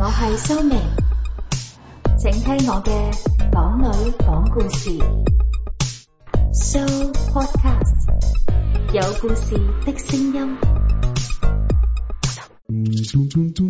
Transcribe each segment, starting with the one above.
我係蘇明，請聽我嘅港女講故事。蘇 Podcast 有故事的聲音。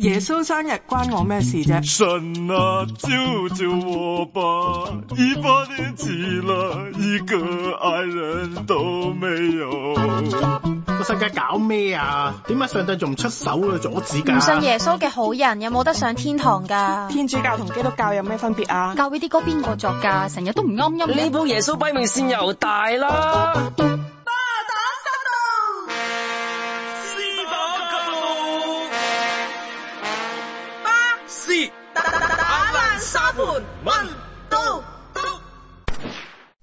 耶穌生日關我咩事啫？神啊，救救我吧！一把年紀啦，一個愛人都沒有。個世界搞咩啊？點解上帝仲唔出手去阻止噶？唔信耶穌嘅好人有冇得上天堂噶？天主教同基督教有咩分別啊？教會啲歌邊個作噶？成日都唔啱音，音。呢部耶穌擺命線又大啦！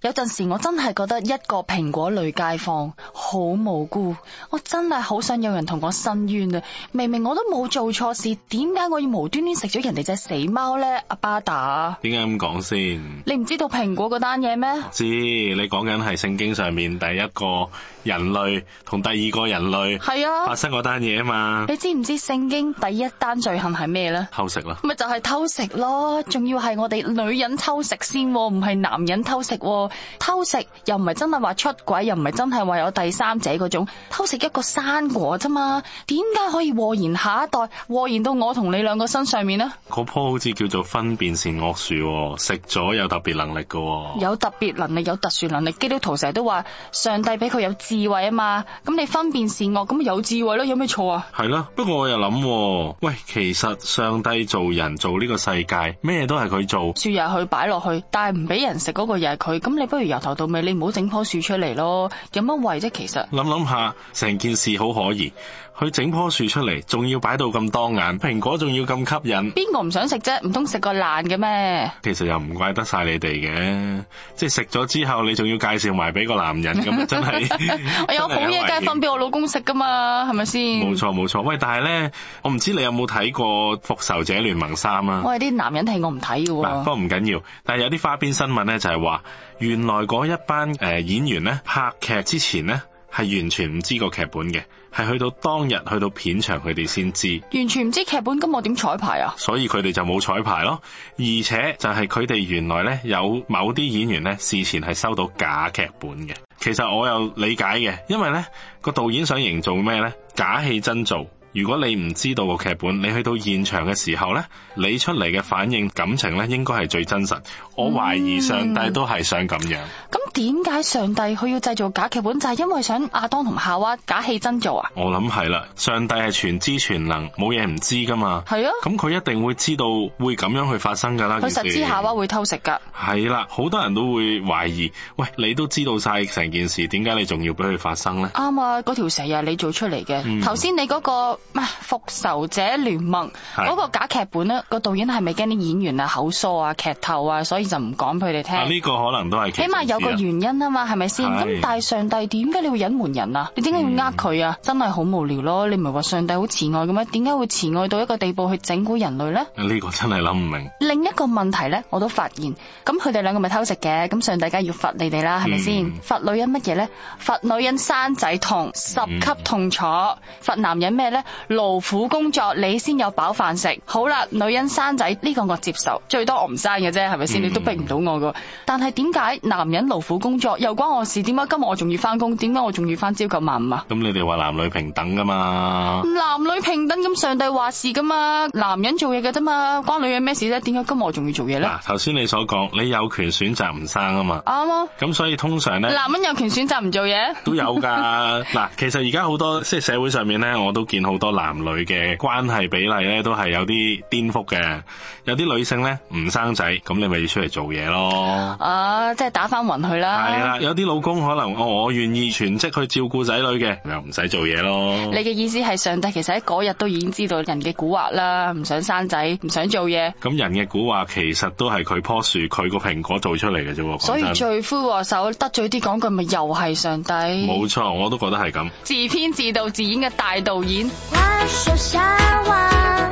有陣時我真係覺得一個蘋果類街坊。好無辜，我真係好想有人同我申冤啊！明明我都冇做錯事，點解我要無端端食咗人哋隻死貓咧？阿巴達，點解咁講先？你唔知道蘋果嗰單嘢咩？知你講緊係聖經上面第一個人類同第二個人類係啊，發生嗰單嘢啊嘛？你知唔知聖經第一單罪行係咩咧？偷食咯，咪就係、是、偷食咯，仲要係我哋女人偷食先，唔係男人偷食，偷食又唔係真係話出軌，又唔係真係話有第。三仔嗰種偷食一個生果啫嘛，點解可以禍延下一代，禍延到我同你兩個身上面呢？嗰棵好似叫做分辨善惡樹，食咗有特別能力噶。有特別能力，有特殊能力。基督徒成日都話上帝俾佢有智慧啊嘛，咁你分辨善惡咁有智慧咧，有咩錯啊？係啦，不過我又諗，喂，其實上帝做人，做呢個世界咩都係佢做，樹入去擺落去，但係唔俾人食嗰、嗰個又係佢，咁你不如由頭到尾你唔好整棵樹出嚟，咯，有乜為啫？其實諗諗下，成件事好可疑。佢整棵樹出嚟，仲要擺到咁當眼，蘋果仲要咁吸引，邊個唔想食啫？唔通食個爛嘅咩？其實又唔怪得晒你哋嘅，即係食咗之後，你仲要介紹埋俾個男人咁啊！ 真係的 我有好嘢梗係分俾我老公食噶嘛，係咪先？冇錯冇錯，喂，但係咧，我唔知你有冇睇過《復仇者聯盟三》啊？喂，啲男人睇，我唔睇噶。不過唔緊要，但係有啲花邊新聞咧，就係話原來嗰一班誒演員咧拍劇之前咧。係完全唔知個劇本嘅，係去到當日去到片場佢哋先知。完全唔知劇本，咁我點彩排啊？所以佢哋就冇彩排咯，而且就係佢哋原來呢，有某啲演員呢，事前係收到假劇本嘅。其實我又理解嘅，因為呢個導演想營造咩呢？假戲真做。如果你唔知道個劇本，你去到現場嘅時候呢，你出嚟嘅反應感情呢應該係最真實。我懷疑上帝都係想咁樣。咁點解上帝佢要製造假劇本，就係、是、因為想亞當同夏娃假戲真做啊？我諗係啦，上帝係全知全能，冇嘢唔知噶嘛。係啊。咁佢一定會知道會咁樣去發生噶啦。佢實，實知夏娃會偷食噶。係啦，好多人都會懷疑。喂，你都知道晒成件事，點解你仲要俾佢發生呢？」啱啊，嗰條蛇係你做出嚟嘅。頭、嗯、先你嗰、那個。唔係復仇者聯盟嗰個假劇本咧，個導演係咪驚啲演員口啊口疏啊劇透啊，所以就唔講俾佢哋聽？呢、啊呢個可能都係起碼有個原因啊嘛，係咪先？咁但係上帝點解你會隱瞞人啊？你點解要呃佢啊？真係好無聊咯！你唔係話上帝好慈愛嘅咩？點解會慈愛到一個地步去整蠱人類咧？呢、啊呢個真係諗唔明。另一個問題咧，我都發現，咁佢哋兩個咪偷食嘅，咁上帝梗係要罰你哋啦，係咪先？罰女人乜嘢咧？罰女人生仔痛十級痛楚，嗯，罰男人咩咧？勞苦工作，你先有飽飯食。好啦，女人生仔呢個我接受，最多我唔生嘅啫，係咪先？你都逼唔到我噶。但係點解男人勞苦工作又關我事？點解今日我仲要翻工？點解我仲要翻朝九晚五啊？咁你哋話男女平等噶嘛？男女平等咁，上帝話事噶嘛？男人做嘢嘅啫嘛，關女人咩事咧？點解今日我仲要做嘢咧？嗱、啊，頭先你所講，你有權選擇唔生啊嘛。啱啊。咁所以通常咧，男人有權選擇唔做嘢。都有噶。嗱， 其實而家好多即係社會上面咧，我都見好。多男女嘅關係比例咧，都係有啲顛覆嘅。有啲女性咧唔生仔，咁你咪要出嚟做嘢咯。啊，即係打翻雲去啦。係啦，有啲老公可能哦，我願意全職去照顧仔女嘅，又唔使做嘢咯。你嘅意思係上帝其實喺嗰日都已經知道人嘅蠱惑啦，唔想生仔，唔想做嘢。咁人嘅蠱惑其實都係佢樖樹，佢個蘋果做出嚟嘅啫。所以罪魁禍首得罪啲講句咪又係上帝。冇錯，我都覺得係咁。自編自導自演嘅大導演。他說瞎話，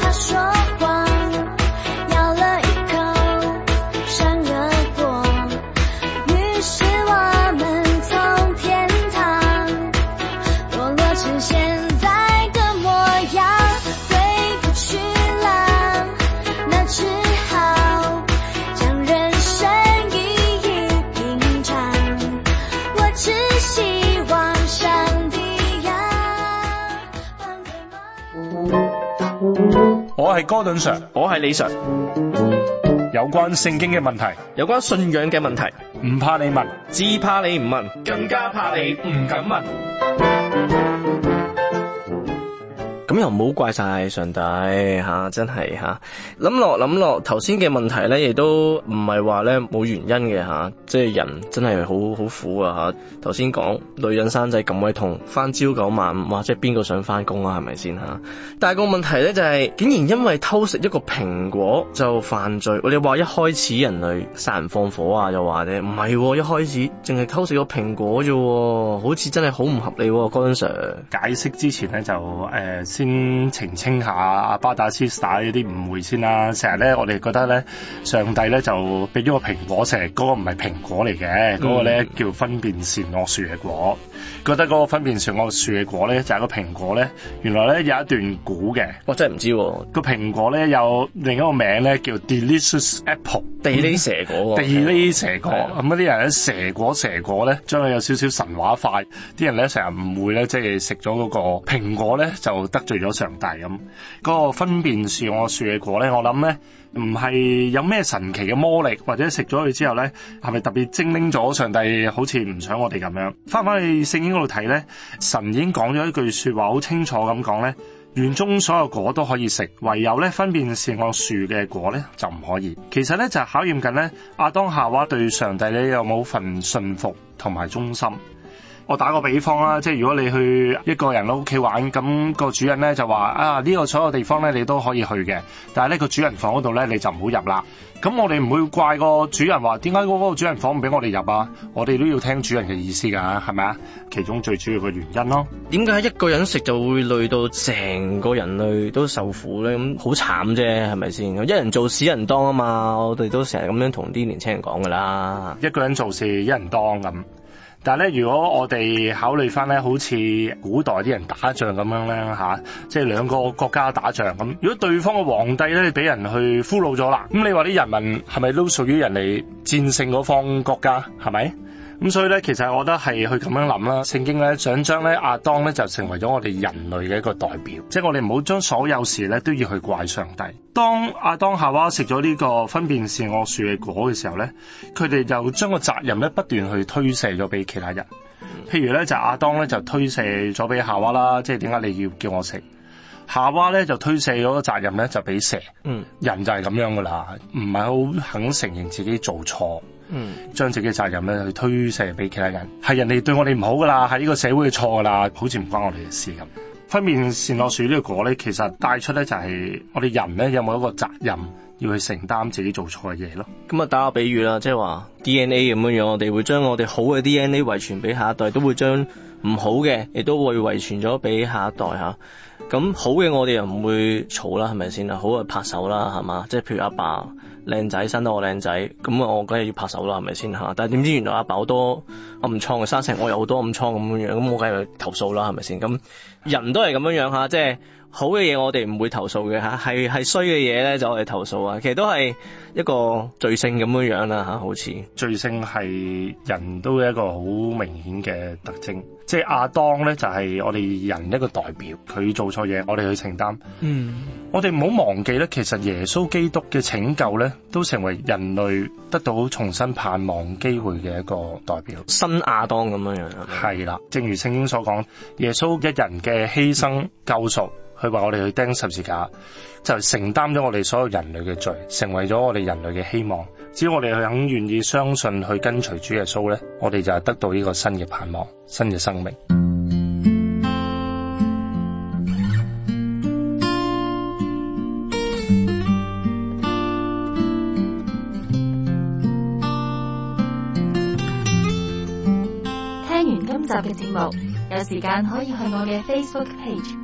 他說謊。係 Gordon Sir，我係李 Sir，有關聖經嘅問題，有關信仰嘅問題，唔怕你問，只怕你唔問，更加怕你唔敢問。咁又唔好怪曬上帝吓，真係吓，諗落諗落，頭先嘅問題咧，亦都唔係話咧冇原因嘅吓，即係人真係好好苦啊吓，頭先講女人生仔咁鬼痛，翻朝九晚五，或即係邊個想翻工啊？係咪先吓？但係個問題咧就係、是，竟然因為偷食一個蘋果就犯罪。我哋話一開始人類殺人放火啊，又話咧唔係喎，一開始，淨係偷食個蘋果啫、哦，好似真係好唔合理、哦。喎。Gon Sir 解釋之前咧就、呃先澄清下阿巴打斯斯達斯打呢啲誤會先啦、啊。成日咧，我哋覺得咧，上帝咧就俾咗個蘋果，成日嗰個唔係蘋果嚟嘅，嗰、那個咧、嗯、叫分辨善惡樹嘅果。覺得嗰個分辨善惡樹嘅果咧就係、是、個蘋果咧，原來咧有一段古嘅。我、哦、真係唔知道、啊那個蘋果咧有另一個名咧叫 Delicious Apple，地 Del 梨蛇,、哦、蛇果。地梨蛇果咁啲人咧蛇果蛇果咧，將佢有少少神話化。啲人咧成日誤會咧，即係食咗嗰個蘋果咧就得。罪咗上帝咁，嗰個分辨善惡樹嘅果咧，我諗咧唔係有咩神奇嘅魔力，或者食咗佢之後咧，係咪特別精靈咗？上帝好似唔想我哋咁樣。翻返去聖經嗰度睇咧，神已經講咗一句說話，好清楚咁講咧，園中所有果都可以食，唯有咧分辨善惡樹嘅果咧就唔可以。其實咧就係考驗緊咧亞當夏娃對上帝咧有冇份信服同埋忠心。我打個比方啦，即係如果你去一個人屋企玩，咁個主人咧就話啊呢個所有地方咧你都可以去嘅，但係呢個主人房嗰度咧你就唔好入啦。咁我哋唔會怪個主人話點解嗰個主人房唔俾我哋入啊？我哋都要聽主人嘅意思㗎，係咪啊？其中最主要嘅原因咯。點解一個人食就會累到成個人類都受苦咧？咁好慘啫，係咪先？一人做事一人當啊嘛！我哋都成日咁樣同啲年輕人講㗎啦。一個人做事一人當咁。但係咧，如果我哋考慮翻咧，好似古代啲人打仗咁樣咧，吓、啊、即係兩個國家打仗咁，如果對方嘅皇帝咧俾人去俘虜咗啦，咁你話啲人民係咪都屬於人哋戰勝嗰方國家？係咪？咁所以咧，其實我覺得係去咁樣諗啦，聖呢《聖經》咧想將咧亞當咧就成為咗我哋人類嘅一個代表，即係我哋唔好將所有事咧都要去怪上帝。當亞當夏娃食咗呢個分辨善惡樹嘅果嘅時候咧，佢哋就將個責任咧不斷去推卸咗俾其他人。譬如咧就亞當咧就推卸咗俾夏娃啦，即係點解你要叫我食？夏娃咧就推卸嗰個責任咧就俾蛇、嗯，人就係咁樣噶啦，唔係好肯承認自己做錯，將、嗯、自己責任咧去推卸俾其他人，係人哋對我哋唔好噶啦，係呢個社會嘅錯噶啦，好似唔關我哋嘅事咁。分辨善惡樹呢個果咧，其實帶出咧就係、是、我哋人咧有冇一個責任。要去承擔自己做錯嘅嘢咯。咁啊，打個比喻啦，即係話 DNA 咁樣樣，我哋會將我哋好嘅 DNA 遺傳俾下一代，都會將唔好嘅，亦都會遺傳咗俾下一代吓。咁好嘅我哋又唔會嘈啦，係咪先啊？好嘅，好拍手啦，係嘛？即係譬如阿爸靚仔生得我靚仔，咁啊，我梗係要拍手啦，係咪先吓？但係點知原來阿爸好多暗瘡嘅，生成我又好多暗瘡咁樣樣，咁我梗係去投訴啦，係咪先？咁人都係咁樣樣吓，即係。好嘅嘢，我哋唔會投訴嘅吓，係係衰嘅嘢咧，就我哋投訴啊。其實都係一個罪性咁樣樣啦吓，好似罪性係人都一個好明顯嘅特徵。即係亞當咧，就係我哋人一個代表，佢做錯嘢，我哋去承擔。嗯，我哋唔好忘記咧，其實耶穌基督嘅拯救咧，都成為人類得到重新盼望機會嘅一個代表，新亞當咁樣樣。係啦，正如聖經所講，耶穌一人嘅犧牲救贖。嗯佢話我哋去釘十字架，就承擔咗我哋所有人類嘅罪，成為咗我哋人類嘅希望。只要我哋去肯願意相信，去跟隨主耶穌咧，我哋就係得到呢個新嘅盼望，新嘅生命。聽完今集嘅節目，有時間可以去我嘅 Facebook page。